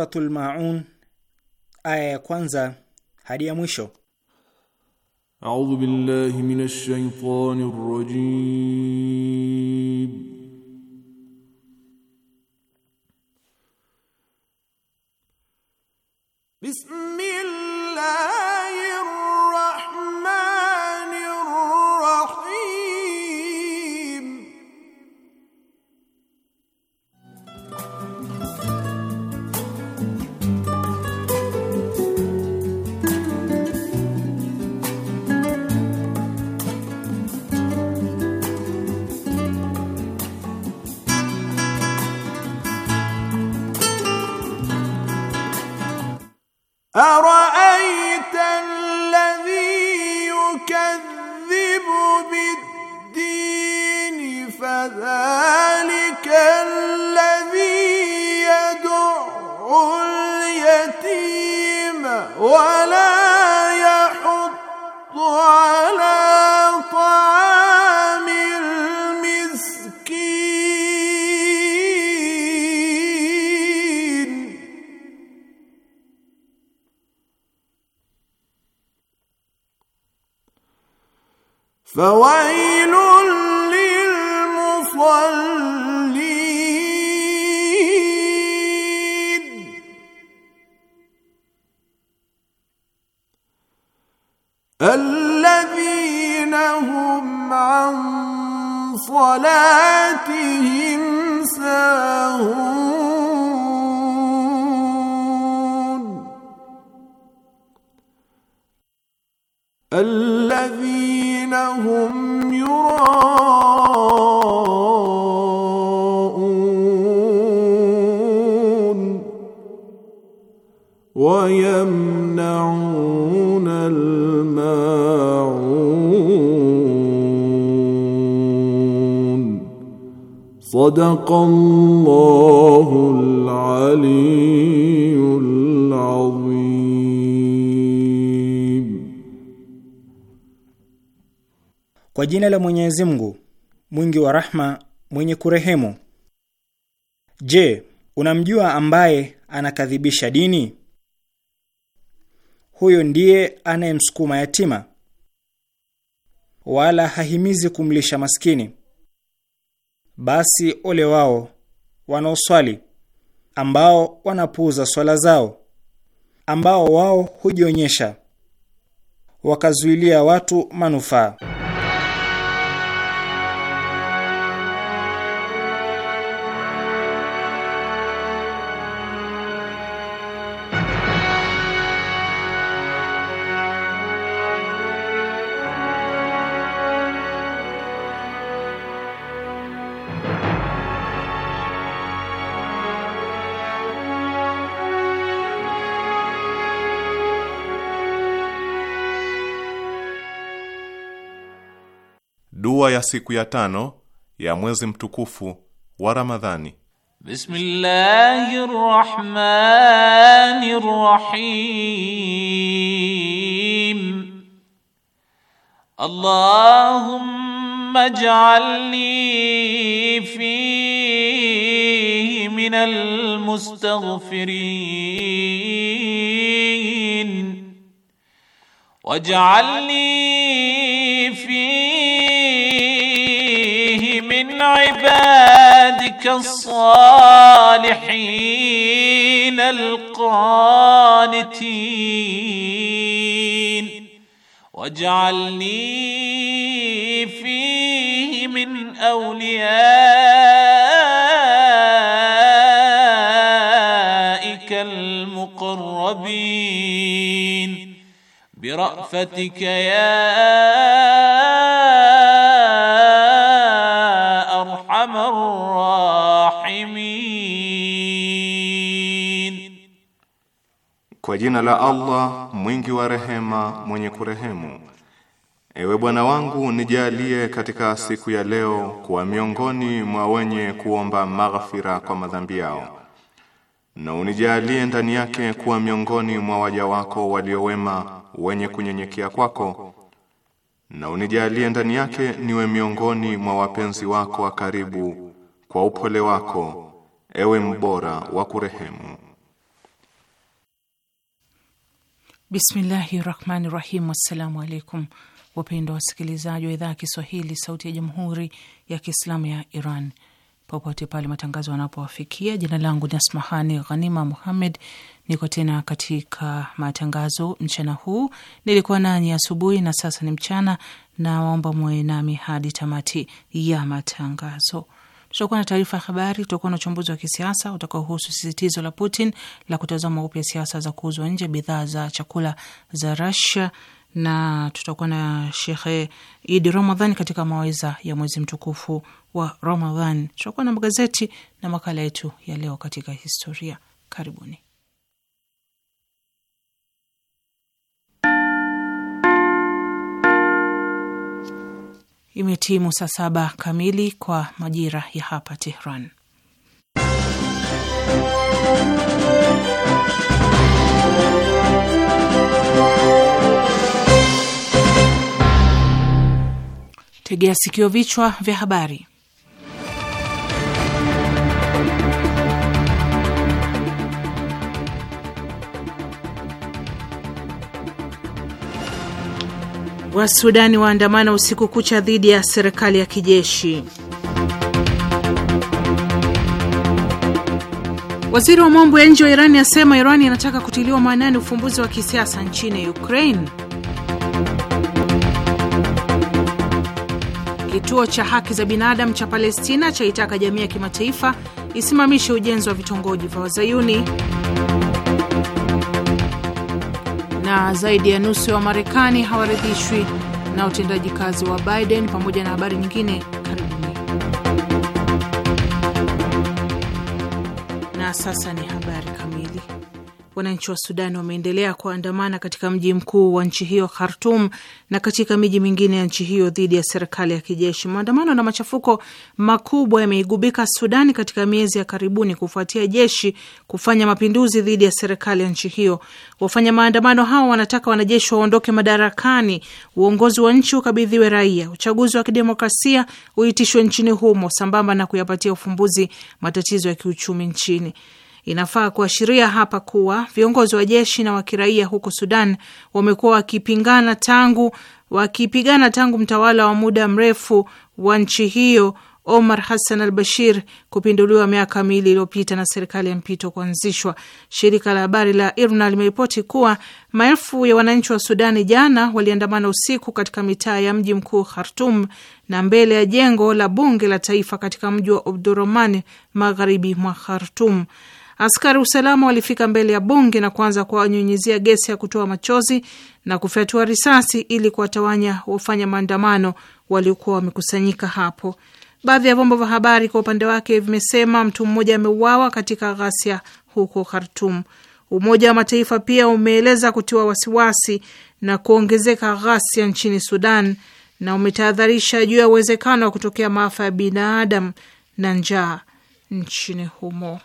Suratul Maun aya ya kwanza hadi ya mwisho. A'udhu billahi minash shaitani rrajim فر Well, why الله العلي العظيم. Kwa jina la Mwenyezi Mungu mwingi wa rahma mwenye kurehemu. Je, unamjua ambaye anakadhibisha dini? Huyo ndiye anayemsukuma yatima, wala hahimizi kumlisha maskini basi ole wao wanaoswali, ambao wanapuuza swala zao, ambao wao hujionyesha, wakazuilia watu manufaa. siku ya tano ya mwezi mtukufu wa Ramadhani. Bismillahir Rahmanir Rahim. Allahumma ij'alni fi minal mustaghfirin waj'alni عبادك الصالحين القانتين واجعلني فيه من اوليائك المقربين برأفتك يا jina la Allah mwingi wa rehema mwenye kurehemu. Ewe Bwana wangu, nijalie katika siku ya leo kuwa miongoni mwa wenye kuomba maghfira kwa madhambi yao, na unijalie ndani yake kuwa miongoni mwa waja wako waliowema wenye kunyenyekea kwako, na unijalie ndani yake niwe miongoni mwa wapenzi wako wa karibu kwa upole wako, ewe mbora wa kurehemu. Bismillahi rahmani rahim. Assalamu alaikum wapendwa wasikilizaji wa idhaa ya Kiswahili sauti ya jamhuri ya Kiislamu ya Iran popote pale matangazo yanapowafikia. Jina langu ni Asmahani Ghanima Muhammed, niko tena katika matangazo mchana huu. Nilikuwa nanyi asubuhi na sasa ni mchana, na waomba muwe nami hadi tamati ya matangazo. Tutakuwa na taarifa ya habari, tutakuwa na uchambuzi wa kisiasa utakaohusu sisitizo la Putin la kutazama upya siasa za kuuzwa nje bidhaa za chakula za Rasia, na tutakuwa na Shekhe Idi Ramadhan katika mawaiza ya mwezi mtukufu wa Ramadhan. Tutakuwa na magazeti na makala yetu ya leo katika historia. Karibuni. Imetimu saa saba kamili kwa majira ya hapa Tehran. Tegea sikio, vichwa vya habari. Wasudani waandamana usiku kucha dhidi ya serikali ya kijeshi. Waziri wa mambo ya nje wa Irani asema Irani inataka kutiliwa maanani ufumbuzi wa kisiasa nchini Ukraine. Kituo cha haki za binadamu cha Palestina chaitaka jamii ya kimataifa isimamishe ujenzi wa vitongoji vya Wazayuni. na zaidi ya nusu ya Wamarekani hawaridhishwi na utendaji kazi wa Biden, pamoja na habari nyingine. Karibuni na sasa ni habari wananchi wa Sudan wameendelea kuandamana katika mji mkuu wa nchi hiyo Khartum na katika miji mingine ya nchi hiyo dhidi ya serikali ya kijeshi. Maandamano na machafuko makubwa yameigubika Sudani katika miezi ya karibuni kufuatia jeshi kufanya mapinduzi dhidi ya serikali ya nchi hiyo. Wafanya maandamano hao wanataka wanajeshi waondoke madarakani, uongozi wa nchi ukabidhiwe raia, uchaguzi wa kidemokrasia uitishwe nchini humo, sambamba na kuyapatia ufumbuzi matatizo ya kiuchumi nchini. Inafaa kuashiria hapa kuwa viongozi wa jeshi na wakiraia huko Sudan wamekuwa wakipingana tangu wakipigana tangu mtawala wa muda mrefu wa nchi hiyo Omar Hassan al Bashir kupinduliwa miaka miwili iliyopita na serikali ya mpito kuanzishwa. Shirika la habari la IRNA limeripoti kuwa maelfu ya wananchi wa Sudani jana waliandamana usiku katika mitaa ya mji mkuu Khartum na mbele ya jengo la bunge la taifa katika mji wa Abdurahman magharibi mwa Khartum. Askari usalama walifika mbele ya bunge na kuanza kuwanyunyizia gesi ya kutoa machozi na kufyatua risasi ili kuwatawanya wafanya maandamano waliokuwa wamekusanyika hapo. Baadhi ya vyombo vya habari kwa upande wake vimesema mtu mmoja ameuawa katika ghasia huko Khartum. Umoja wa Mataifa pia umeeleza kutiwa wasiwasi na kuongezeka ghasia nchini Sudan na umetahadharisha juu ya uwezekano wa kutokea maafa ya binadamu na njaa nchini humo.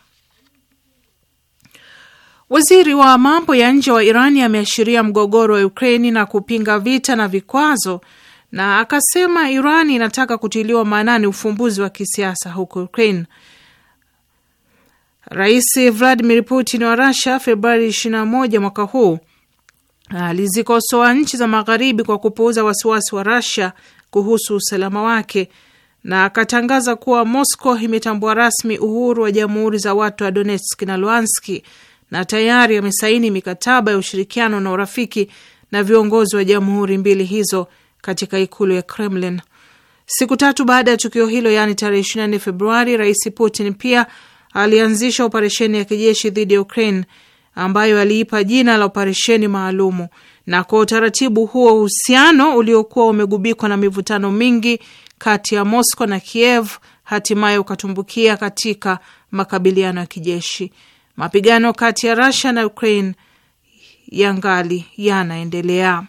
Waziri wa mambo ya nje wa Irani ameashiria mgogoro wa Ukraini na kupinga vita na vikwazo, na akasema iran inataka kutiliwa maanani ufumbuzi wa kisiasa huko Ukraine. Rais Vladimir Putin wa Russia Februari 21 mwaka huu alizikosoa nchi za Magharibi kwa kupuuza wasiwasi wa rasia kuhusu usalama wake na akatangaza kuwa Moscow imetambua rasmi uhuru wa jamhuri za watu wa Donetsk na Luhanski na tayari amesaini mikataba ya ushirikiano na urafiki na viongozi wa jamhuri mbili hizo katika ikulu ya Kremlin. Siku tatu baada ya tukio hilo, yaani tarehe 24 Februari, Rais Putin pia alianzisha operesheni ya kijeshi dhidi ya Ukraine ambayo aliipa jina la operesheni maalumu. Na kwa utaratibu huo, uhusiano uliokuwa umegubikwa na mivutano mingi kati ya Moscow na Kiev hatimaye ukatumbukia katika makabiliano ya kijeshi. Mapigano kati ya rusia na Ukraine yangali yanaendelea.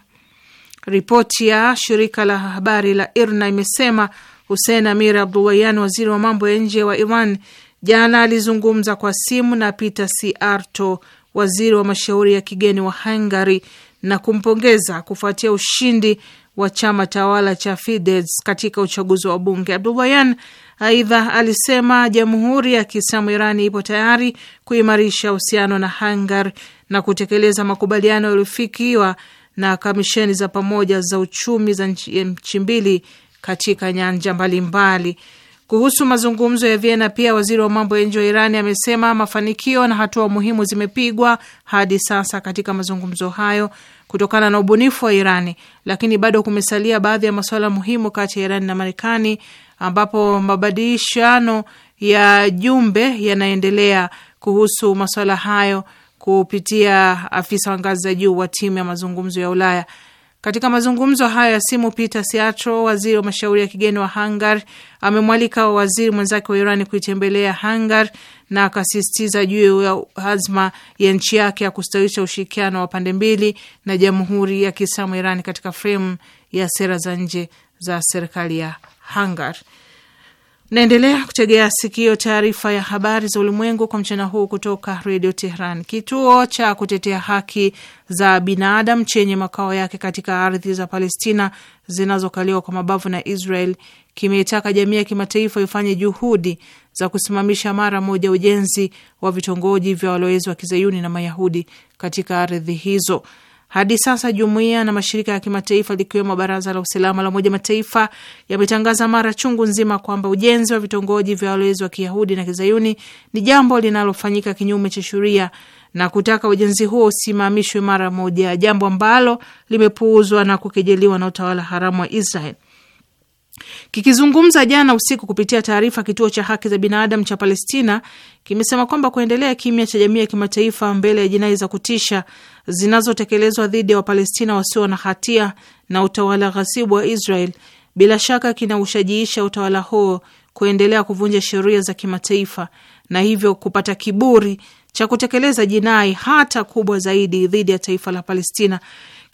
Ripoti ya shirika la habari la IRNA imesema Hussein Amir Abdullayan, waziri wa mambo ya nje wa Iran, jana alizungumza kwa simu na Peter arto waziri wa mashauri ya kigeni wa Hungary, na kumpongeza kufuatia ushindi wa chama tawala cha Fides katika uchaguzi wa bunge. Abdullayan aidha alisema jamhuri ya Kiislamu Irani ipo tayari kuimarisha uhusiano na Hungary na kutekeleza makubaliano yaliyofikiwa na kamisheni za pamoja za uchumi za nchi mbili katika nyanja mbalimbali Kuhusu mazungumzo ya Vienna, pia waziri wa mambo ya nje wa iran amesema mafanikio na hatua muhimu zimepigwa hadi sasa katika mazungumzo hayo kutokana na ubunifu wa Irani, lakini bado kumesalia baadhi ya masuala muhimu kati ya Irani na Marekani, ambapo mabadilishano ya jumbe yanaendelea kuhusu masuala hayo kupitia afisa wa ngazi za juu wa timu ya mazungumzo ya Ulaya. Katika mazungumzo hayo ya simu, Peter Siatro, waziri wa mashauri ya kigeni wa Hungary, amemwalika waziri mwenzake wa Irani kuitembelea Hungary na akasisitiza juu ya azma ya nchi yake ya kustawisha ushirikiano wa pande mbili na Jamhuri ya Kiislamu Irani katika fremu ya sera za nje za serikali ya Hungary. Naendelea kutegea sikio taarifa ya habari za ulimwengu kwa mchana huu kutoka redio Tehran, kituo cha kutetea haki za binadamu chenye makao yake katika ardhi za Palestina zinazokaliwa kwa mabavu na Israel kimeitaka jamii ya kimataifa ifanye juhudi za kusimamisha mara moja ujenzi wa vitongoji vya walowezi wa kizayuni na mayahudi katika ardhi hizo. Hadi sasa jumuiya na mashirika ya kimataifa likiwemo baraza la usalama la Umoja Mataifa yametangaza mara chungu nzima kwamba ujenzi wa vitongoji vya walowezi wa kiyahudi na kizayuni ni jambo linalofanyika kinyume cha sheria na kutaka ujenzi huo usimamishwe mara moja, jambo ambalo limepuuzwa na kukejeliwa na utawala haramu wa Israel Kikizungumza jana usiku kupitia taarifa, kituo cha haki za binadamu cha Palestina kimesema kwamba kuendelea kimya cha jamii ya kimataifa mbele ya jinai za kutisha zinazotekelezwa dhidi ya Wapalestina wasio na hatia na utawala ghasibu wa Israel bila shaka kinaushajiisha utawala huo kuendelea kuvunja sheria za kimataifa na hivyo kupata kiburi cha kutekeleza jinai hata kubwa zaidi dhidi ya taifa la Palestina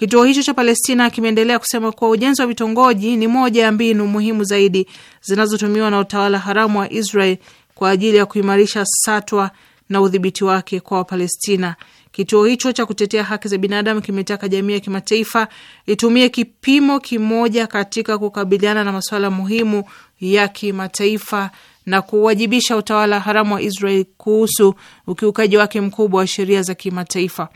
Kituo hicho cha Palestina kimeendelea kusema kuwa ujenzi wa vitongoji ni moja ya mbinu muhimu zaidi zinazotumiwa na utawala haramu wa Israel kwa ajili ya kuimarisha satwa na udhibiti wake kwa Wapalestina. Kituo hicho cha kutetea haki za binadamu kimetaka jamii ya kimataifa itumie kipimo kimoja katika kukabiliana na masuala muhimu ya kimataifa na kuwajibisha utawala haramu wa Israel kuhusu ukiukaji wake mkubwa wa sheria za kimataifa.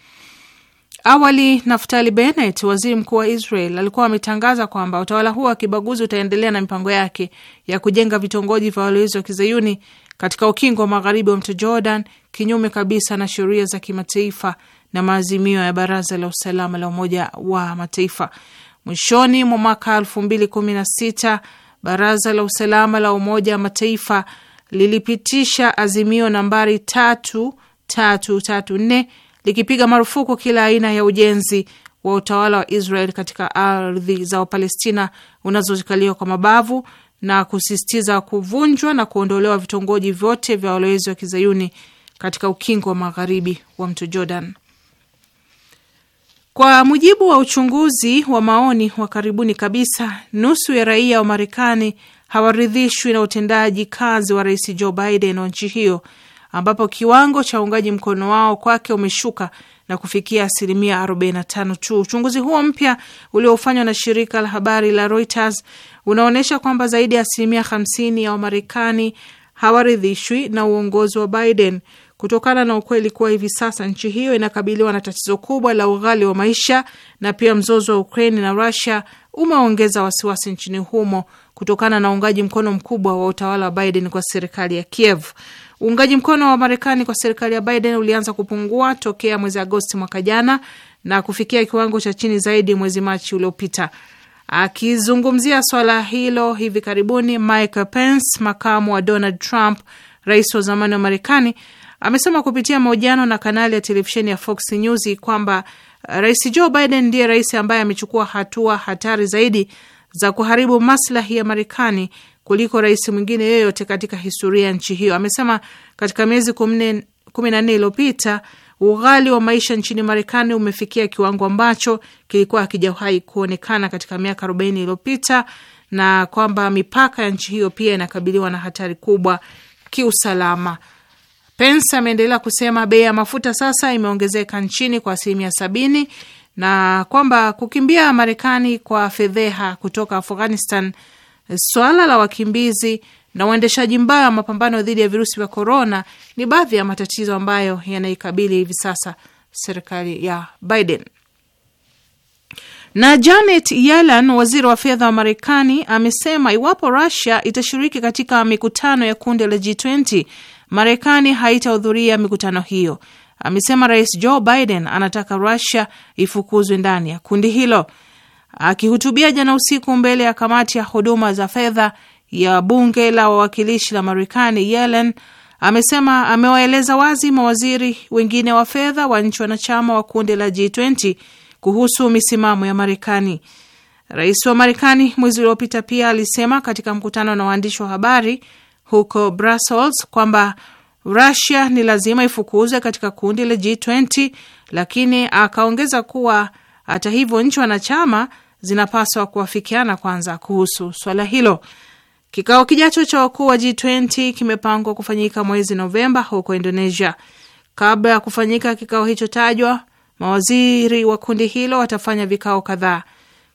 Awali Naftali Bennett, waziri mkuu wa Israel, alikuwa ametangaza kwamba utawala huo wa kibaguzi utaendelea na mipango yake ya kujenga vitongoji vya walowezi wa kizayuni katika ukingo wa magharibi wa mto Jordan, kinyume kabisa na sheria za kimataifa na maazimio ya Baraza la Usalama la Umoja wa Mataifa. Mwishoni mwa mwaka 2016 Baraza la Usalama la Umoja wa Mataifa lilipitisha azimio nambari 3334 likipiga marufuku kila aina ya ujenzi wa utawala wa Israel katika ardhi za Wapalestina unazozikaliwa kwa mabavu na kusisitiza kuvunjwa na kuondolewa vitongoji vyote vya walowezi wa kizayuni katika ukingo wa magharibi wa mto Jordan. Kwa mujibu wa uchunguzi wa maoni wa karibuni kabisa, nusu ya raia wa Marekani hawaridhishwi na utendaji kazi wa Rais Joe Biden wa nchi hiyo ambapo kiwango cha uungaji mkono wao kwake umeshuka na kufikia asilimia 45 tu. Uchunguzi huo mpya uliofanywa na shirika la habari la Reuters unaonyesha kwamba zaidi ya asilimia 50 ya Wamarekani hawaridhishwi na uongozi wa Biden kutokana na ukweli kuwa hivi sasa nchi hiyo inakabiliwa na tatizo kubwa la ughali wa maisha na pia mzozo wa Ukraine na Russia umeongeza wasiwasi nchini humo kutokana na uungaji mkono mkubwa wa utawala wa Biden kwa serikali ya Kiev. Uungaji mkono wa Marekani kwa serikali ya Biden ulianza kupungua tokea mwezi Agosti mwaka jana na kufikia kiwango cha chini zaidi mwezi Machi uliopita. Akizungumzia swala hilo hivi karibuni, Mike Pence, makamu wa Donald Trump, rais wa zamani wa Marekani, amesema kupitia mahojiano na kanali ya televisheni ya Fox News kwamba eh, rais Joe Biden ndiye rais ambaye amechukua hatua hatari zaidi za kuharibu maslahi ya Marekani kuliko rais mwingine yeyote katika historia ya nchi hiyo. Amesema katika miezi kumi na nne iliyopita ughali wa maisha nchini Marekani umefikia kiwango ambacho kilikuwa hakijawahi kuonekana katika miaka arobaini iliyopita na kwamba mipaka ya nchi hiyo pia inakabiliwa na hatari kubwa kiusalama. Pence ameendelea kusema bei ya mafuta sasa imeongezeka nchini kwa asilimia sabini na kwamba kukimbia Marekani kwa fedheha kutoka Afghanistan Swala la wakimbizi na uendeshaji mbaya wa mapambano dhidi ya virusi vya korona ni baadhi ya matatizo ambayo yanaikabili hivi sasa serikali ya Biden. Na Janet Yellen, waziri wa fedha wa Marekani, amesema iwapo russia itashiriki katika mikutano ya kundi la G20, Marekani haitahudhuria mikutano hiyo. Amesema Rais Joe Biden anataka russia ifukuzwe ndani ya kundi hilo. Akihutubia jana usiku mbele ya kamati ya huduma za fedha ya bunge la wawakilishi la Marekani, Yellen amesema amewaeleza wazi mawaziri wengine wa fedha wa nchi wanachama wa kundi la G20 kuhusu misimamo ya Marekani. Rais wa Marekani mwezi uliopita pia alisema katika mkutano na waandishi wa habari huko Brussels kwamba Rusia ni lazima ifukuze katika kundi la G20, lakini akaongeza kuwa hata hivyo nchi wanachama zinapaswa kuafikiana kwanza kuhusu swala hilo. Kikao kijacho cha wakuu wa G20 kimepangwa kufanyika mwezi Novemba huko Indonesia. Kabla ya kufanyika kikao hicho tajwa, mawaziri wa kundi hilo watafanya vikao kadhaa.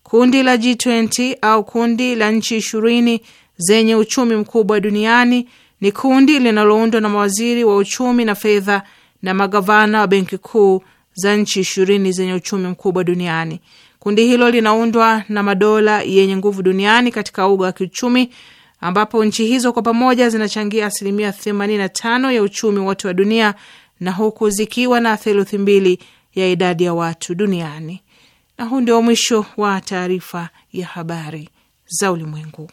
Kundi la G20 au kundi la nchi ishirini zenye uchumi mkubwa duniani ni kundi linaloundwa na mawaziri wa uchumi na fedha na magavana wa benki kuu za nchi ishirini zenye uchumi mkubwa duniani. Kundi hilo linaundwa na madola yenye nguvu duniani katika uga wa kiuchumi, ambapo nchi hizo kwa pamoja zinachangia asilimia 85 ya uchumi wote wa dunia na huku zikiwa na theluthi mbili ya idadi ya watu duniani. Na huu ndio mwisho wa taarifa ya habari za ulimwengu.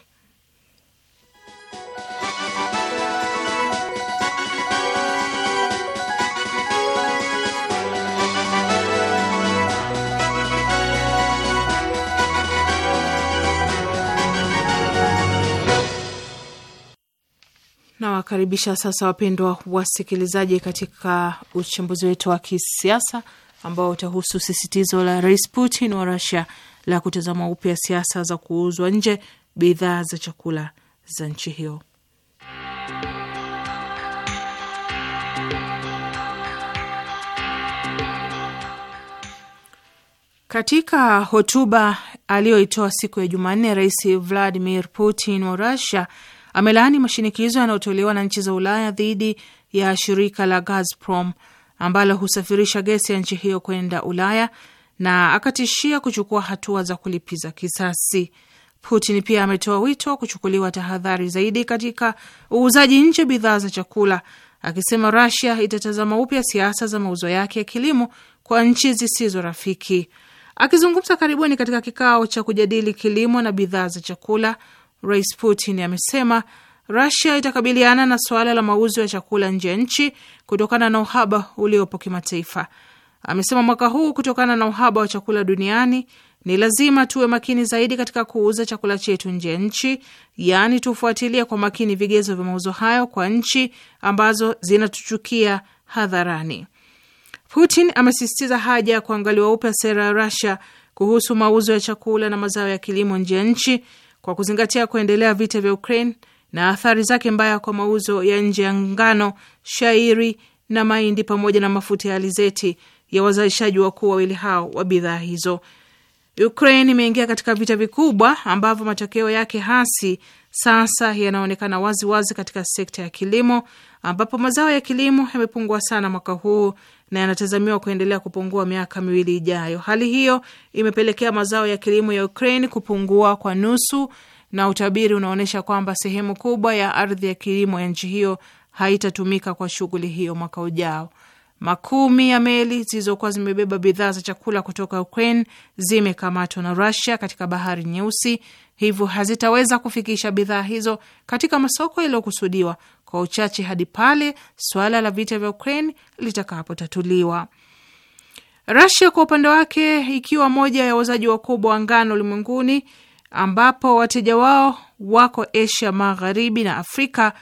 Nawakaribisha sasa wapendwa wasikilizaji, katika uchambuzi wetu wa kisiasa ambao utahusu sisitizo la Rais Putin wa Rusia la kutazama upya siasa za kuuzwa nje bidhaa za chakula za nchi hiyo. Katika hotuba aliyoitoa siku ya Jumanne, Rais Vladimir Putin wa rusia amelaani mashinikizo yanayotolewa na nchi za Ulaya dhidi ya shirika la Gazprom ambalo husafirisha gesi ya nchi hiyo kwenda Ulaya na akatishia kuchukua hatua za kulipiza kisasi. Putin pia ametoa wito kuchukuliwa tahadhari zaidi katika uuzaji nje bidhaa za chakula, akisema rusia itatazama upya siasa za mauzo yake ya kilimo kwa nchi zisizo rafiki. Akizungumza karibuni katika kikao cha kujadili kilimo na bidhaa za chakula Rais Putin amesema Rusia itakabiliana na suala la mauzo ya chakula nje ya nchi kutokana na uhaba uliopo kimataifa. Amesema mwaka huu, kutokana na uhaba wa chakula duniani, ni lazima tuwe makini zaidi katika kuuza chakula chetu nje ya nchi, yaani tufuatilie kwa makini vigezo vya mauzo hayo kwa nchi ambazo zinatuchukia hadharani. Putin amesisitiza haja ya kuangaliwa upya sera ya Rusia kuhusu mauzo ya chakula na mazao ya kilimo nje ya nchi kwa kuzingatia kuendelea vita vya Ukraine na athari zake mbaya kwa mauzo ya nje ya ngano, shairi na mahindi pamoja na mafuta ya alizeti ya wazalishaji wakuu wawili hao wa bidhaa hizo. Ukraine imeingia katika vita vikubwa ambavyo matokeo yake hasi sasa yanaonekana waziwazi katika sekta ya kilimo ambapo mazao ya kilimo yamepungua sana mwaka huu na yanatazamiwa kuendelea kupungua miaka miwili ijayo. Hali hiyo imepelekea mazao ya kilimo ya Ukraine kupungua kwa nusu, na utabiri unaonyesha kwamba sehemu kubwa ya ardhi ya kilimo ya nchi hiyo haitatumika kwa shughuli hiyo mwaka ujao. Makumi ya meli zilizokuwa zimebeba bidhaa za chakula kutoka Ukraine zimekamatwa na Rusia katika bahari Nyeusi, hivyo hazitaweza kufikisha bidhaa hizo katika masoko yaliyokusudiwa kwa uchache hadi pale swala la vita vya Ukraine litakapotatuliwa. Rasia kwa upande wake, ikiwa moja ya wauzaji wakubwa wa ngano ulimwenguni, ambapo wateja wao wako Asia Magharibi na Afrika,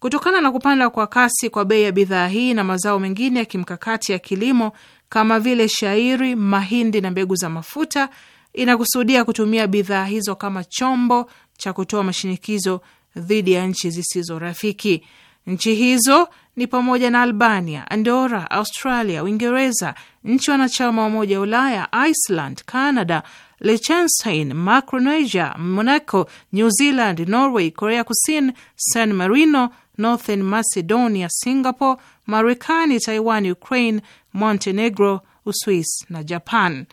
kutokana na kupanda kwa kasi kwa bei ya bidhaa hii na mazao mengine ya kimkakati ya kilimo kama vile shairi, mahindi na mbegu za mafuta, inakusudia kutumia bidhaa hizo kama chombo cha kutoa mashinikizo dhidi ya nchi zisizo rafiki. Nchi hizo ni pamoja na Albania, Andora, Australia, Uingereza, nchi wanachama wa Umoja wa Ulaya, Iceland, Canada, Liechtenstein, Micronesia, Monaco, New Zealand, Norway, Korea Kusini, San Marino, Northern Macedonia, Singapore, Marekani, Taiwan, Ukraine, Montenegro, Uswis na Japan.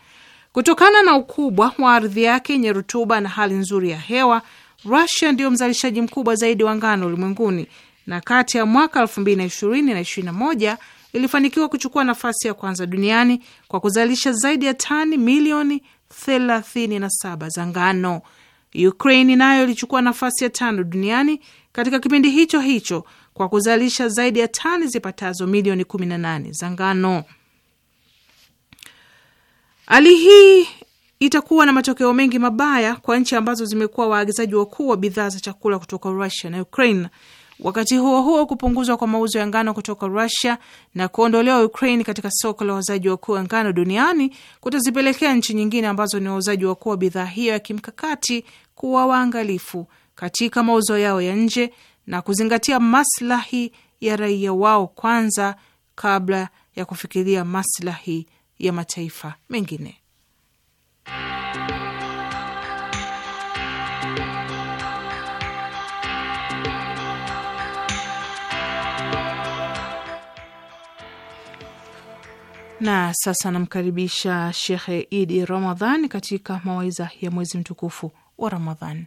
Kutokana na ukubwa wa ardhi yake yenye rutuba na hali nzuri ya hewa Rusia ndiyo mzalishaji mkubwa zaidi wa ngano ulimwenguni na kati ya mwaka mbili na ishirini na moja ilifanikiwa kuchukua nafasi ya kwanza duniani kwa kuzalisha zaidi ya tani milioni 37 za ngano. ukrain nayo ilichukua nafasi ya tano duniani katika kipindi hicho hicho kwa kuzalisha zaidi ya tani zipatazo milioni nane za ngano. Hali hii itakuwa na matokeo mengi mabaya kwa nchi ambazo zimekuwa waagizaji wakuu wa bidhaa za chakula kutoka Rusia na Ukraine. Wakati huo huo, kupunguzwa kwa mauzo ya ngano kutoka Rusia na kuondolewa Ukraine katika soko la wauzaji wakuu wa ngano duniani kutazipelekea nchi nyingine ambazo ni wauzaji wakuu wa bidhaa hiyo ya kimkakati kuwa waangalifu katika mauzo yao ya nje na kuzingatia maslahi ya raia wao kwanza kabla ya kufikiria maslahi ya mataifa mengine. Na sasa namkaribisha Shekhe Idi Ramadhan katika mawaidha ya mwezi mtukufu wa Ramadhan.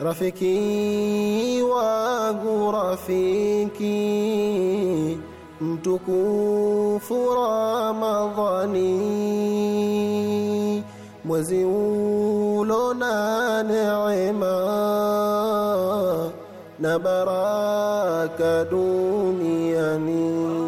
Rafiki wangu rafiki mtukufu Ramadhani, mwezi ulona neema na baraka duniani.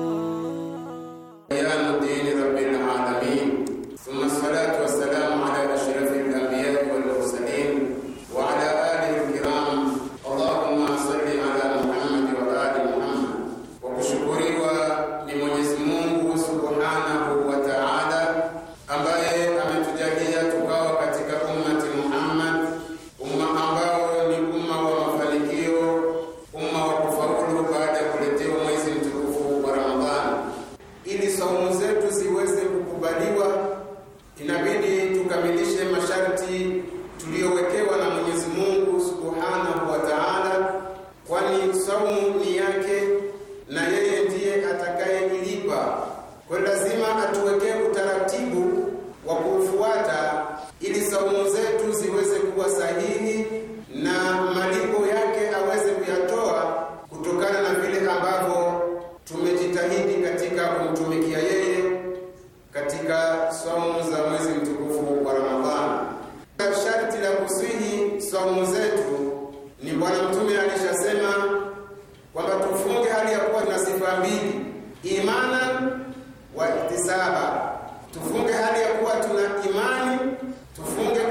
ihtisaba, tufunge hali ya kuwa tuna imani, tufunge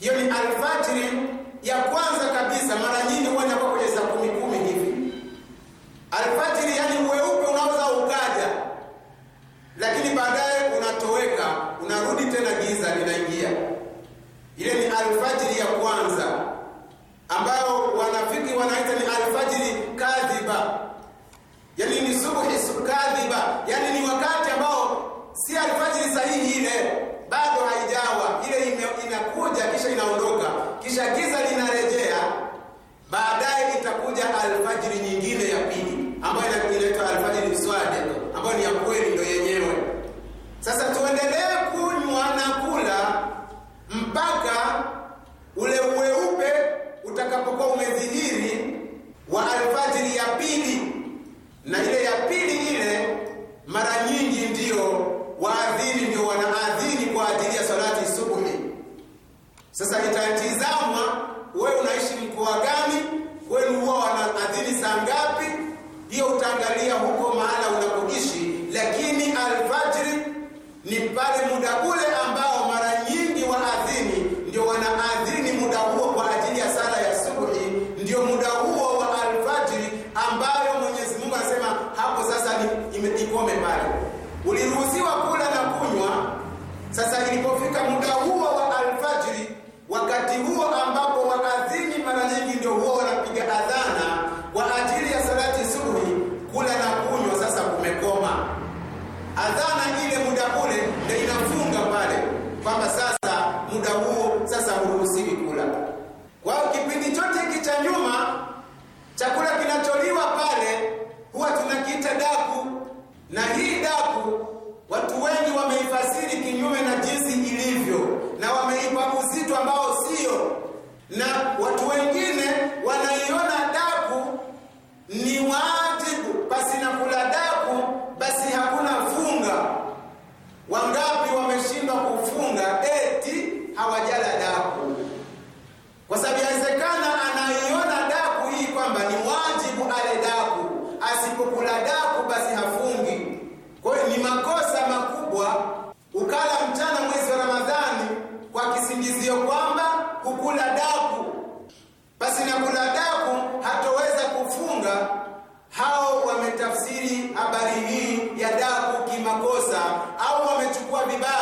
Hiyo ni alfajiri ya kwanza kabisa, mara nyingi huwa inakuwa kwenye saa kumi kumi hivi. Alfajiri yani weupe unaweza ukaja, lakini baadaye unatoweka, unarudi tena giza linaingia. Ile ni alfajiri ya kwanza ambayo wanafiki wanaita ni alfajiri kadhiba, yani ni subuhi kadhiba, yani ni wakati ambao si alfajiri sahihi ile bado haijawa ile ime, inakuja kisha inaondoka kisha giza linarejea baadaye itakuja alfajiri nyingine ya pili ambayo inaitwa alfajiri swade ambayo ni ya kweli ndio yenyewe sasa tuendelee kunywa na kula mpaka ule weupe utakapokuwa umedhihiri wa alfajiri ya pili na ile ya pili ile mara nyingi ndiyo waadhini ndio wanaadhini kwa ajili ya salati subuhi. Sasa itatizama wewe unaishi mkoa gani, kwenu huwa wanaadhini saa ngapi, Hiyo utaangalia huko mahala unakoishi, lakini alfajri ni pale muda ule ndio huwa wanapiga adhana kwa ajili ya salati subuhi, kula na kunywa sasa kumekoma. Adhana ile muda ule ndio inafunga pale kwamba sasa muda huo sasa huruhusiwi kula. Kwa hiyo kipindi chote hiki cha nyuma chakula kinacholiwa pale huwa tunakiita daku, na hii daku watu wengi wameifasiri kinyume na jinsi ilivyo, na wameipa uzito ambao sio na Hao wametafsiri habari hii ya daku kimakosa au wamechukua vibaya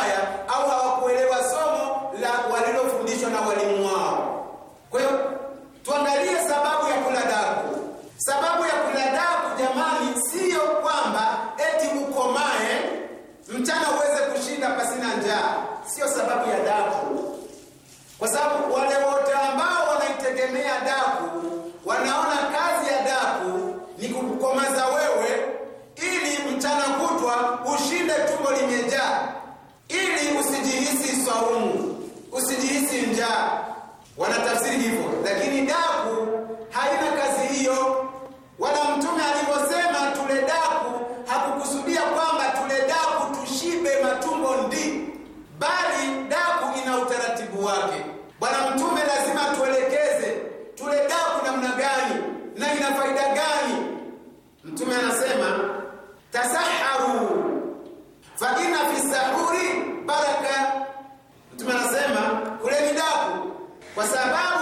tumbo limejaa, ili usijihisi swaumu, usijihisi njaa. Wanatafsiri hivyo, lakini daku haina kazi hiyo, wala Mtume alivyosema tule daku hakukusudia kwamba tule daku tushibe matumbo ndi, bali daku ina utaratibu wake. Bwana Mtume lazima tuelekeze tule daku namna gani na ina faida gani. Mtume anasema tasaharu fa inna fi sahuri baraka. Mtume anasema kuleni daku kwa sababu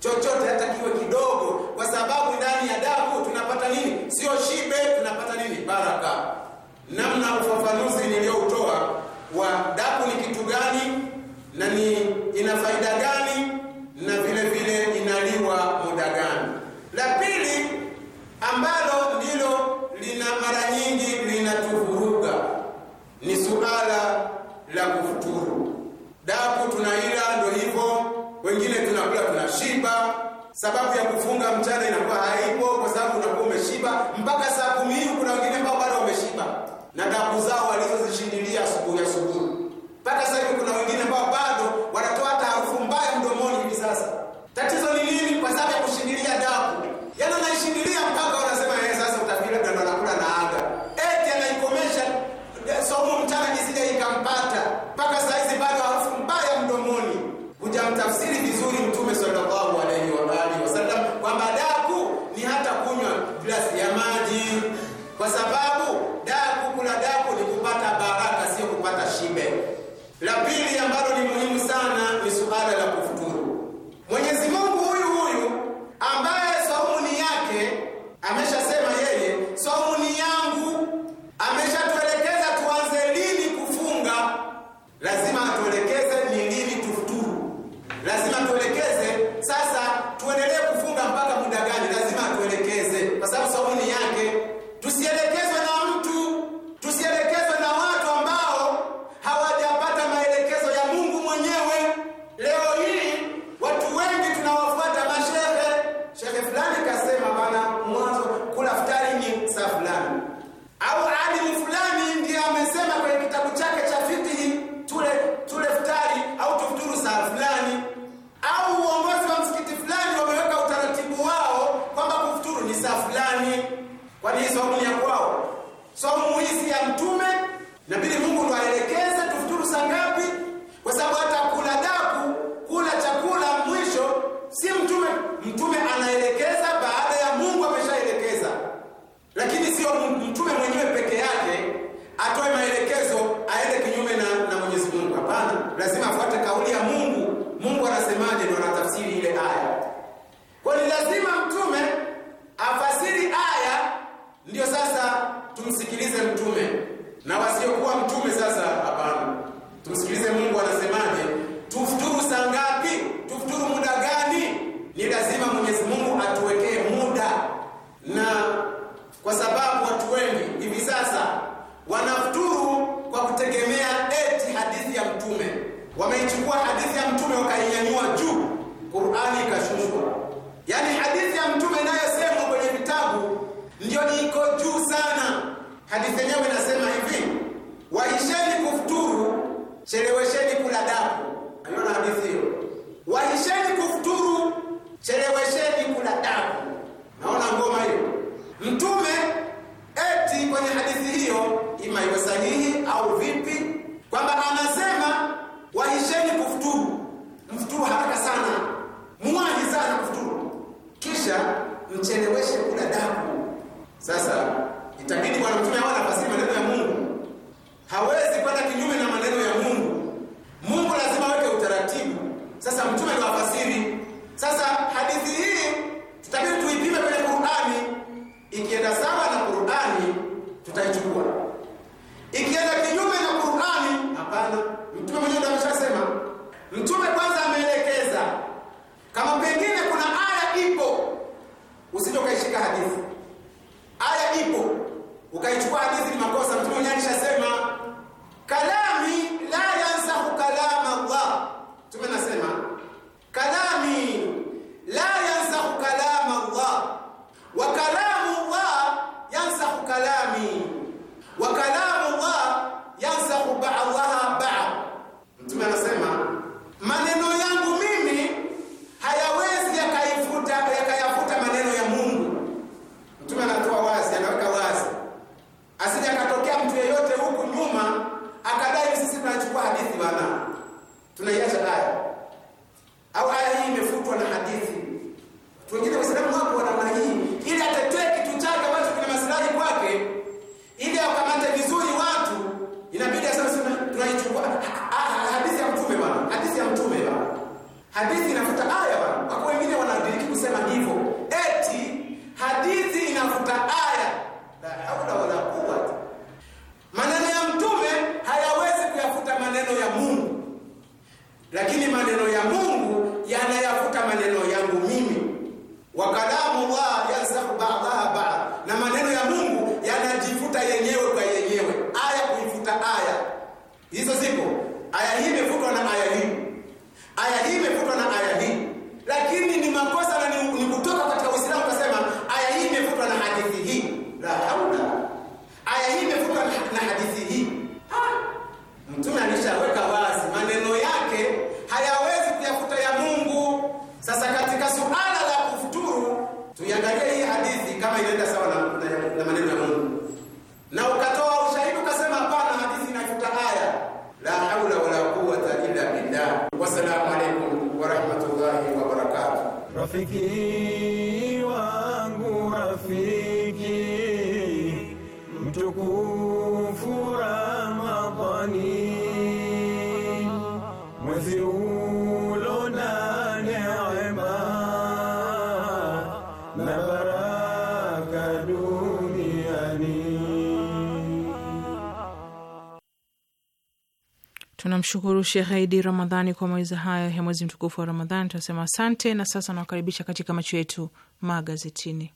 chochote hata kiwe kidogo, kwa sababu ndani ya damu tunapata nini? Sio shibe, tunapata nini? Baraka. Namna ufafanuzi niliyoutoa wa damu ni kitu gani na ni ina faida gani sababu ya kufunga mchana inakuwa haipo kwa sababu Ao árabe do fulano. s a s tunamshukuru Shekh Aidi Ramadhani kwa maweza hayo ya mwezi mtukufu wa Ramadhani. Tunasema asante, na sasa nawakaribisha katika macho yetu magazetini.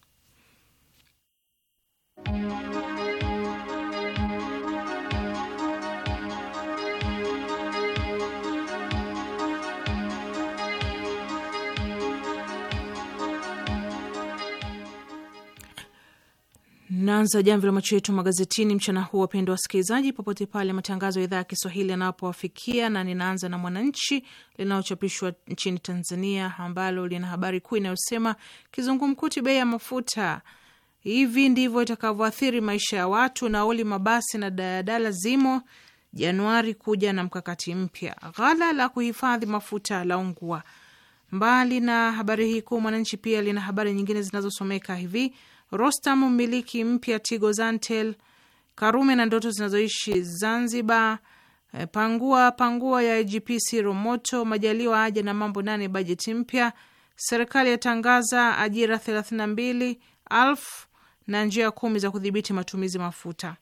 Tunaanza jamvi la macho yetu magazetini mchana huu, wapendwa wasikilizaji, popote pale matangazo ya idhaa ya Kiswahili yanapowafikia, na ninaanza na Mwananchi linalochapishwa nchini Tanzania, ambalo lina habari kuu inayosema kizungumkuti bei ya mafuta, hivi ndivyo itakavyoathiri maisha ya watu. Nauli mabasi na daladala zimo Januari kuja na mkakati mpya, ghala la kuhifadhi mafuta la ungua. Mbali na habari hii kuu, Mwananchi pia lina habari nyingine zinazosomeka hivi Rostam mmiliki mpya Tigo Zantel, Karume na ndoto zinazoishi Zanzibar, eh, pangua pangua ya Siro Moto, Majaliwa aja na mambo nane, bajeti mpya, serikali yatangaza ajira thelathini na mbili elfu na njia kumi za kudhibiti matumizi mafuta.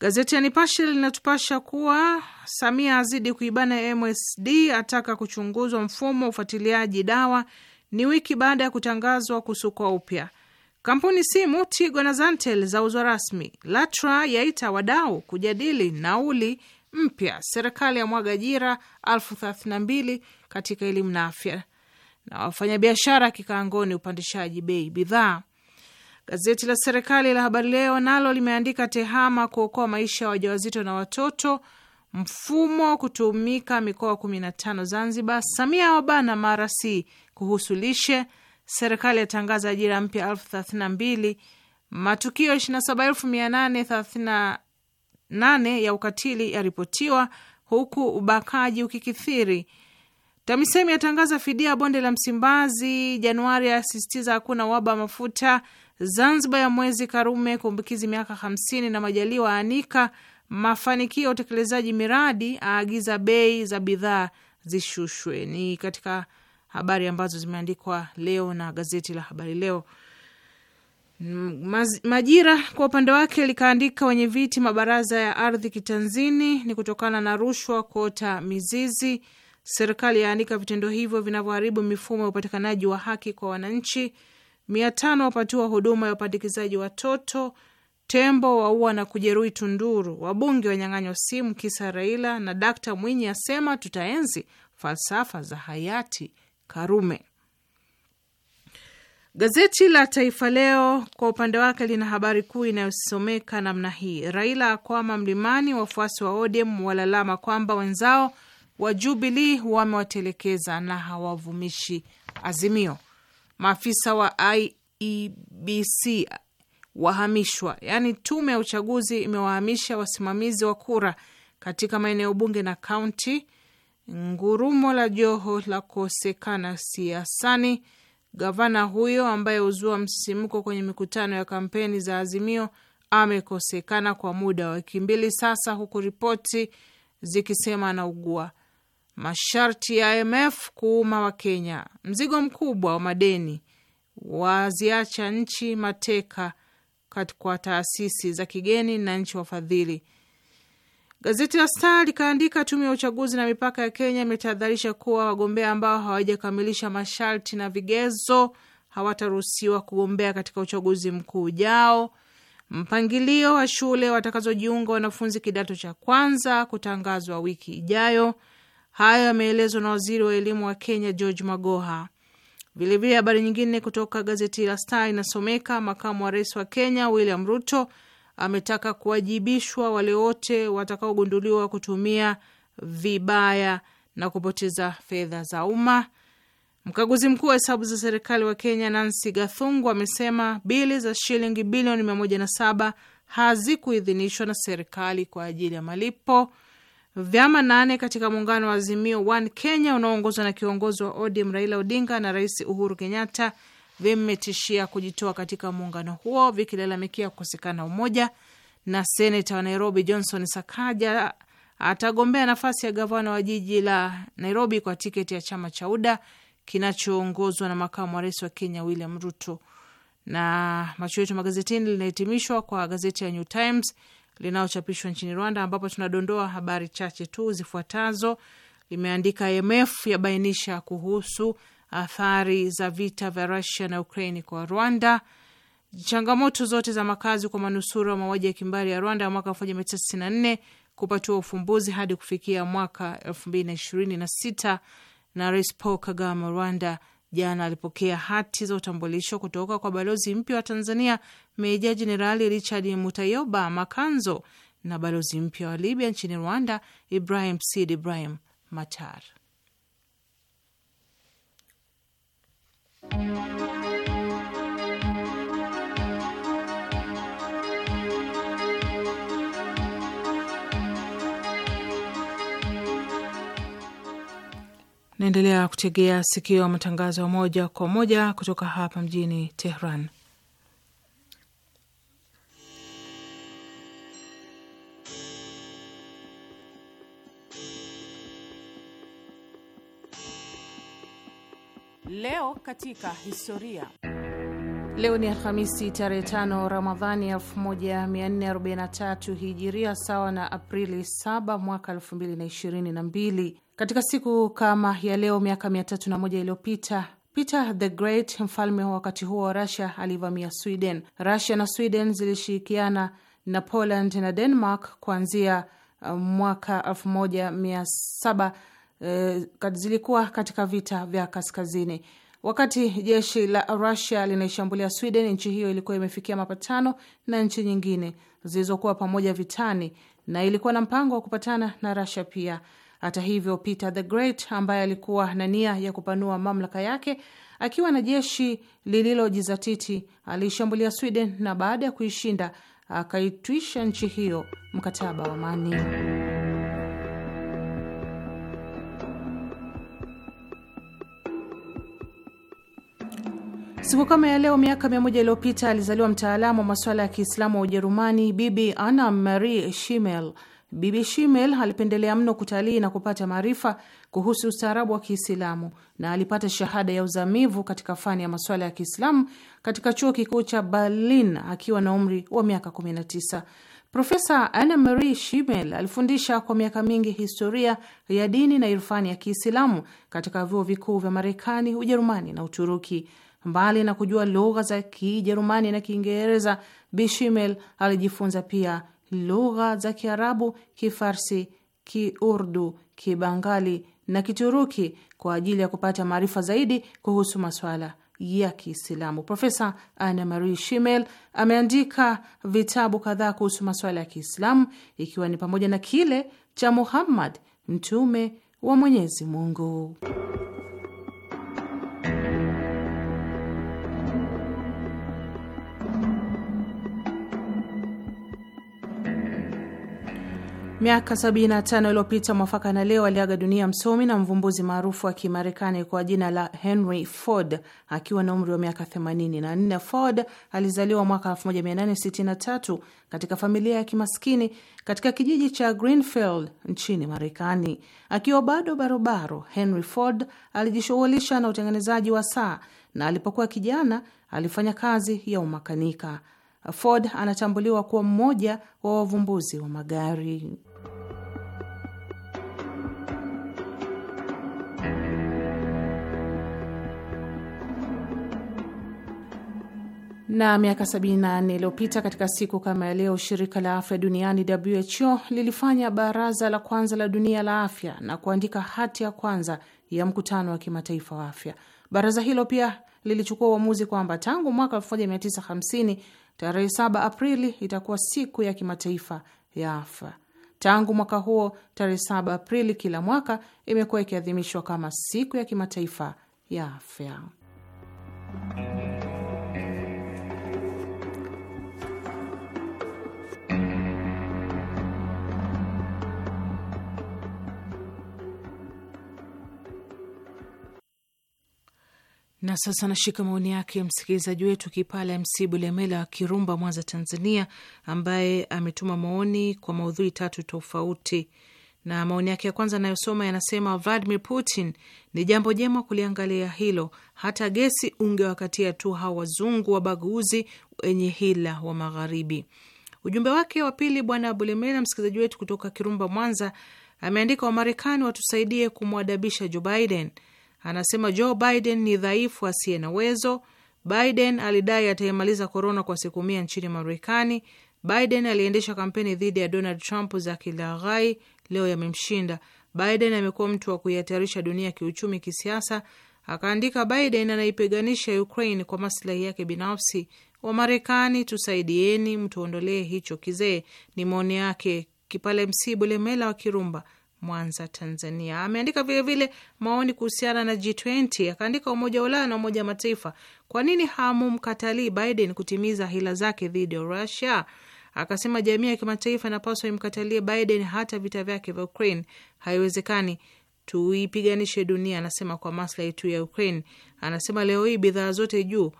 Gazeti ya Nipashe linatupasha kuwa Samia azidi kuibana MSD, ataka kuchunguzwa mfumo wa ufuatiliaji dawa. Ni wiki baada ya kutangazwa kusukwa upya. Kampuni simu Tigo na Zantel zauzwa rasmi. LATRA yaita wadau kujadili nauli mpya. Serikali ya mwaga ajira elfu thelathini na mbili katika elimu na afya, na wafanyabiashara kikaangoni upandishaji bei bidhaa. Gazeti la serikali la Habari Leo nalo limeandika tehama kuokoa maisha ya wajawazito na watoto, mfumo kutumika mikoa 15 Zanzibar, Samia wabana marasi kuhusu lishe serikali yatangaza ajira mpya elfu thelathini na mbili. Matukio nane ya ukatili yaripotiwa huku ubakaji ukikithiri. TAMISEMI yatangaza fidia bonde la Msimbazi Januari, asisitiza hakuna uhaba wa mafuta. Zanzibar ya mwezi Karume kumbukizi miaka hamsini na Majaliwa anika mafanikio ya utekelezaji miradi, aagiza bei za bidhaa zishushwe. Ni katika habari ambazo zimeandikwa leo na gazeti la Habari Leo. Majira kwa upande wake likaandika wenye viti mabaraza ya ardhi kitanzini ni kutokana na rushwa kuota mizizi. Serikali yaandika vitendo hivyo vinavyoharibu mifumo ya upatikanaji wa haki kwa wananchi. mia tano wapatiwa huduma ya upandikizaji watoto. Tembo waua na kujeruhi Tunduru. Wabunge wanyang'anywa simu kisa Raila. Na Dakta Mwinyi asema tutaenzi falsafa za hayati Karume. Gazeti la Taifa Leo kwa upande wake lina habari kuu inayosomeka namna hii: Raila akwama mlimani, wafuasi wa ODM walalama kwamba wenzao wa Jubilee wamewatelekeza na hawavumishi Azimio. Maafisa wa IEBC wahamishwa, yaani tume ya uchaguzi imewahamisha wasimamizi wa kura katika maeneo bunge na kaunti Ngurumo la Joho la kosekana siasani. Gavana huyo ambaye huzua msisimko kwenye mikutano ya kampeni za Azimio amekosekana kwa muda wa wiki mbili sasa, huku ripoti zikisema anaugua. Masharti ya IMF kuuma Wakenya, mzigo mkubwa wa madeni waziacha nchi mateka kwa taasisi za kigeni na nchi wafadhili. Gazeti la Star likaandika tume ya uchaguzi na mipaka ya Kenya imetahadharisha kuwa wagombea ambao hawajakamilisha masharti na vigezo hawataruhusiwa kugombea katika uchaguzi mkuu ujao. Mpangilio wa shule watakazojiunga wanafunzi kidato cha kwanza kutangazwa wiki ijayo. Hayo yameelezwa na waziri wa elimu wa Kenya George Magoha. Vilevile habari nyingine kutoka gazeti la Star inasomeka makamu wa rais wa Kenya William Ruto ametaka kuwajibishwa wale wote watakaogunduliwa kutumia vibaya na kupoteza fedha za umma. Mkaguzi mkuu wa hesabu za serikali wa Kenya Nancy Gathungu amesema bili za shilingi bilioni saba hazikuidhinishwa na serikali kwa ajili ya malipo. Vyama nane katika muungano wa Azimio One Kenya unaoongozwa na kiongozi wa ODM Raila Odinga na Rais Uhuru Kenyatta vimetishia kujitoa katika muungano huo vikilalamikia kukosekana umoja. Na seneta wa Nairobi Johnson Sakaja atagombea nafasi ya gavana wa jiji la Nairobi kwa tiketi ya chama cha UDA kinachoongozwa na makamu wa rais wa Kenya William Ruto. Na macho yetu magazetini linahitimishwa kwa gazeti ya New Times linalochapishwa nchini Rwanda, ambapo tunadondoa habari chache tu zifuatazo. Limeandika IMF yabainisha kuhusu athari za vita vya Rusia na Ukraini kwa Rwanda, changamoto zote za makazi kwa manusura wa mauaji ya kimbari ya Rwanda ya mwaka 1994 kupatiwa ufumbuzi hadi kufikia mwaka 2026. Na Rais Paul Kagame Rwanda jana alipokea hati za utambulisho kutoka kwa balozi mpya wa Tanzania Meja Jenerali Richard Mutayoba Makanzo na balozi mpya wa Libya nchini Rwanda Ibrahim Sid Ibrahim Matar. Naendelea kutegea sikio matangazo moja kwa moja kutoka hapa mjini Tehran. Leo katika historia. Leo ni Alhamisi tarehe tano Ramadhani 1443 Hijiria, sawa na Aprili 7 mwaka 2022. Katika siku kama ya leo miaka 301 iliyopita Peter the Great, mfalme wa wakati huo wa Russia, alivamia Sweden. Russia na Sweden zilishirikiana na Poland na Denmark kuanzia uh, mwaka eh, zilikuwa katika vita vya kaskazini. Wakati jeshi la Rusia linaishambulia Sweden, nchi hiyo ilikuwa imefikia mapatano na nchi nyingine zilizokuwa pamoja vitani na ilikuwa na mpango wa kupatana na Rusia pia. Hata hivyo, Peter the Great ambaye alikuwa na nia ya kupanua mamlaka yake akiwa na jeshi lililojizatiti aliishambulia Sweden na baada ya kuishinda akaitwisha nchi hiyo mkataba wa amani. Siku kama ya leo miaka mia moja iliyopita alizaliwa mtaalamu wa masuala ya Kiislamu wa Ujerumani, Bibi Anna Marie Schimmel. Bibi Schimmel alipendelea mno kutalii na kupata maarifa kuhusu ustaarabu wa Kiislamu na alipata shahada ya uzamivu katika fani ya masuala ya Kiislamu katika chuo kikuu cha Berlin akiwa na umri wa miaka 19. Profesa Anna Marie Schimmel alifundisha kwa miaka mingi historia ya dini na irfani ya Kiislamu katika vyuo vikuu vya Marekani, Ujerumani na Uturuki. Mbali na kujua lugha za Kijerumani na Kiingereza, Bishimel alijifunza pia lugha za Kiarabu, Kifarsi, Kiurdu, Kibangali na Kituruki kwa ajili ya kupata maarifa zaidi kuhusu maswala ya Kiislamu. Profesa Anna Marie Shimel ameandika vitabu kadhaa kuhusu maswala ya Kiislamu, ikiwa ni pamoja na kile cha Muhammad, mtume wa Mwenyezi Mungu. Miaka 75 iliyopita mwafaka na leo aliaga dunia msomi na mvumbuzi maarufu wa Kimarekani kwa jina la Henry Ford akiwa na umri wa miaka 84. Ford alizaliwa mwaka 1863 katika familia ya kimaskini katika kijiji cha Greenfield nchini Marekani. Akiwa bado barobaro, Henry Ford alijishughulisha na utengenezaji wa saa na alipokuwa kijana alifanya kazi ya umakanika. Ford anatambuliwa kuwa mmoja wa wavumbuzi wa magari. Na miaka 74 iliyopita katika siku kama ya leo, shirika la afya duniani WHO lilifanya baraza la kwanza la dunia la afya na kuandika hati ya kwanza ya mkutano wa kimataifa wa afya. Baraza hilo pia lilichukua uamuzi kwamba tangu mwaka 1950 tarehe 7 Aprili itakuwa siku ya kimataifa ya afya. Tangu mwaka huo tarehe 7 Aprili kila mwaka imekuwa ikiadhimishwa kama siku ya kimataifa ya afya. Na sasa nashika maoni yake msikilizaji wetu Kipala MC Bulemela wa Kirumba, Mwanza, Tanzania, ambaye ametuma maoni kwa maudhui tatu tofauti. Na maoni yake ya kwanza anayosoma yanasema: Vladimir Putin, ni jambo jema kuliangalia hilo, hata gesi ungewakatia tu hawa wazungu wabaguzi wenye hila wa magharibi. Ujumbe wake wa pili, bwana Bulemela, msikilizaji wetu kutoka Kirumba, Mwanza, ameandika: Wamarekani watusaidie kumwadabisha Joe Biden anasema Joe Biden ni dhaifu asiye na uwezo. Biden alidai ataimaliza korona kwa siku mia nchini Marekani. Biden aliendesha kampeni dhidi ya Donald Trump za kilaghai, leo yamemshinda. Biden amekuwa mtu wa kuihatarisha dunia kiuchumi, kisiasa. Akaandika, Biden anaipiganisha Ukraine kwa maslahi yake binafsi. wa marekani tusaidieni, mtuondolee hicho kizee. Ni maoni yake Kipale Msibu Lemela wa Kirumba, Mwanza, Tanzania. Ameandika vilevile maoni kuhusiana na G20, akaandika Umoja wa Ulaya na Umoja wa Mataifa, kwa nini hamumkatalii Biden kutimiza hila zake dhidi ya Russia? Akasema jamii ya kimataifa inapaswa imkatalie Biden hata vita vyake vya Ukraine. Haiwezekani tuipiganishe dunia, anasema kwa maslahi tu ya Ukraine. Anasema leo hii bidhaa zote juu,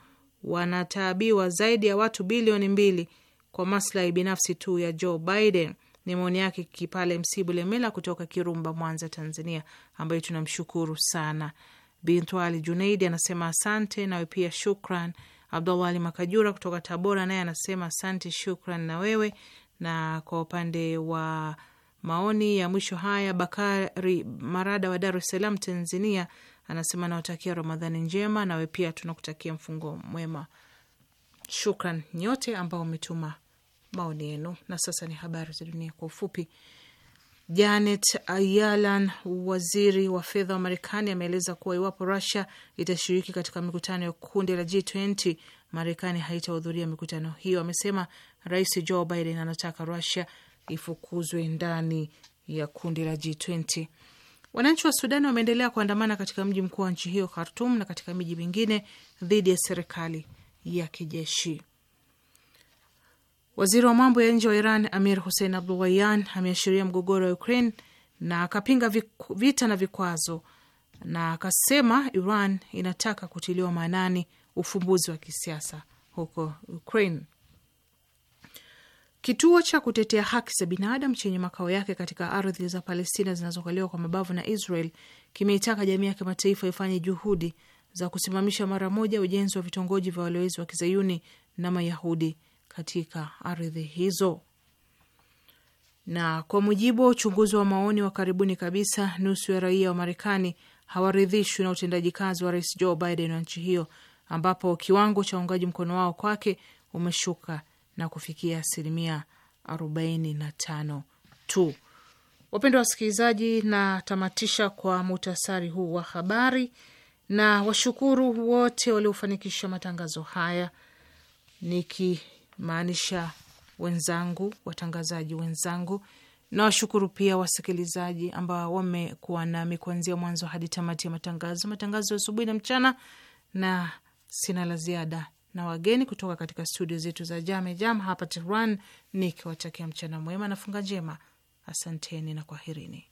wanataabiwa zaidi ya watu bilioni mbili kwa maslahi binafsi tu ya Joe Biden. Ni maoni yake Kipale Msibu Lemela kutoka Kirumba, Mwanza, Tanzania, ambayo tunamshukuru sana. Bintwali Junaidi anasema asante, nawe pia shukran. Abdullah Ali Makajura kutoka Tabora naye anasema asante, shukran na wewe. Na kwa upande wa maoni ya mwisho haya, Bakari Marada wa Dar es Salaam, Tanzania, anasema nawatakia Ramadhani njema, nawe pia tunakutakia mfungo mwema. Shukran nyote ambao umetuma maoni yenu. Na sasa ni habari za dunia kwa ufupi. Janet Yellen, waziri wa fedha wa Marekani, ameeleza kuwa iwapo Rusia itashiriki katika mikutano ya kundi la G20, Marekani haitahudhuria mikutano hiyo. Amesema Rais Joe Biden anataka Rusia ifukuzwe ndani ya kundi la G20. Wananchi wa Sudani wameendelea kuandamana katika mji mkuu wa nchi hiyo Khartum na katika miji mingine dhidi ya serikali ya kijeshi. Waziri wa mambo ya nje wa Iran Amir Hussein Abdullahian ameashiria mgogoro wa Ukraine na akapinga vita na vikwazo, na akasema Iran inataka kutiliwa maanani ufumbuzi wa kisiasa huko Ukraine. Kituo cha kutetea haki za binadamu chenye makao yake katika ardhi za Palestina zinazokaliwa kwa mabavu na Israel kimeitaka jamii ya kimataifa ifanye juhudi za kusimamisha mara moja ujenzi wa vitongoji vya walowezi wa kizayuni na Mayahudi katika ardhi hizo. Na kwa mujibu wa uchunguzi wa maoni wa karibuni kabisa, nusu ya raia wa Marekani hawaridhishwi na utendaji kazi wa Rais Joe Biden wa nchi hiyo, ambapo kiwango cha uungaji mkono wao kwake umeshuka na kufikia asilimia 45 tu. Wapendwa wasikilizaji, natamatisha kwa muhtasari huu wa habari na washukuru wote waliofanikisha matangazo haya niki maanisha wenzangu, watangazaji wenzangu. Nawashukuru pia wasikilizaji ambao wamekuwa nami kuanzia mwanzo hadi tamati ya matangazo, matangazo ya asubuhi na mchana, na sina la ziada na wageni kutoka katika studio zetu za Jame Jam hapa Tehran, nikiwatakia mchana mwema na funga njema. Asanteni na kwaherini.